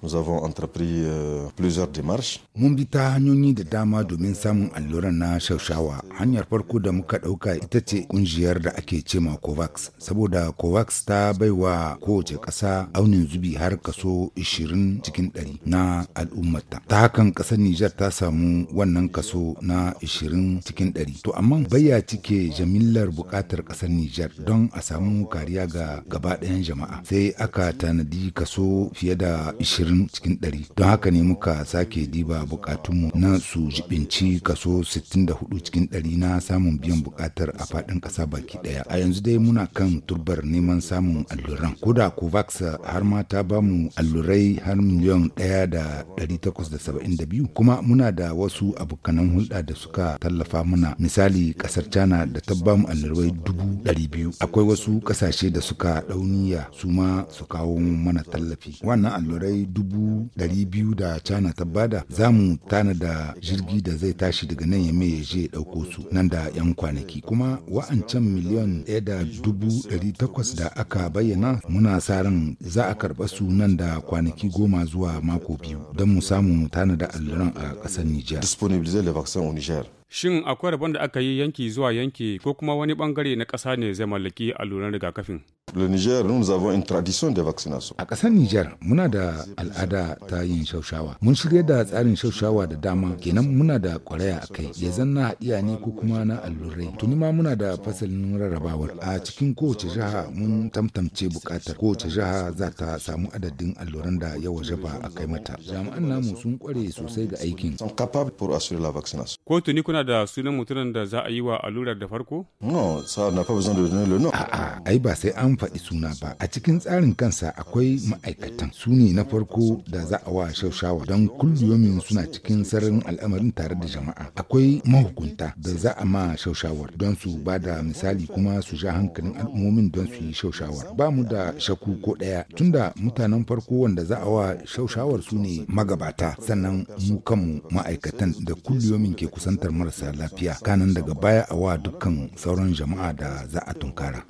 Nous avons entrepris euh, plusieurs démarches. Mun bi ta hanyoyi da dama domin samun alluran na shaushawa. Hanyar farko da muka ɗauka ita ce ƙungiyar da ake cema COVAX. Saboda COVAX ta baiwa kowace ƙasa aunin zubi har kaso 20 cikin 100 na al'ummata. Ta hakan ƙasar Nijar ta samu wannan kaso na 20 cikin 100. To amma bayya cike jamillar buƙatar ƙasar Nijar don a samu kariya ga gaba ɗayan jama'a. Sai aka tanadi kaso fiye da 20 ashirin cikin ɗari don haka ne muka sake diba bukatunmu na su jibinci kaso sittin da cikin ɗari na samun biyan bukatar a faɗin ƙasa baki ɗaya a yanzu dai muna kan turbar neman samun alluran koda covax har ma ta bamu allurai har miliyan ɗaya da ɗari takwas da saba'in da biyu kuma muna da wasu abokanan hulɗa da suka tallafa mana misali ƙasar Cana da ta bamu allurai dubu ɗari biyu akwai wasu ƙasashe da suka ɗauniya su ma su kawo mana tallafi wannan allurai dubu ɗari biyu da cana ta bada za mu tana da jirgi da zai tashi daga nan ya mai je ɗauko su nan da 'yan kwanaki kuma wa'ancan miliyan ɗaya da dubu ɗari takwas da aka bayyana muna sa ran za a karɓa su nan da kwanaki goma zuwa mako biyu don mu samu tana da alluran a ƙasar Nijar. Shin akwai rabon da aka yi yanki zuwa yanki ko kuma wani bangare na ƙasa ne zai mallaki alluran rigakafin? Le Niger, nous avons une tradition de vaccination. A ƙasar Niger, muna da al'ada ta yin shaushawa. Mun shirya da tsarin shaushawa da dama, kenan muna da ƙwaraya a kai, ya zanna haɗiya ne ko kuma na allurai. Tuni ma muna da fasalin rarrabawar. A cikin kowace jiha mun tamtamce buƙatar kowace jiha za ta samu adadin alluran da ya waje ba a kai mata. Jami'an namu sun kware sosai ga aikin. ko tuni kuna Kana da sunan mutumin da za a yi wa allurar da farko? No, sa na fa bazan da A'a, ai ba sai an faɗi suna ba. A cikin tsarin kansa akwai ma'aikatan. Su ne na farko da za a wa shaushawa don kulliyomin suna cikin sararin al'amarin tare da jama'a. Akwai mahukunta da za a ma shaushawar don su ba da misali kuma su sha hankalin al'ummomin don su yi shaushawar. Ba mu da shaku ko ɗaya tunda mutanen farko wanda za a wa shaushawar su ne magabata sannan mu kanmu ma'aikatan da kulliyomin ke kusantar mara marasa lafiya kanan daga baya a wa dukkan sauran jama'a da za a tunkara.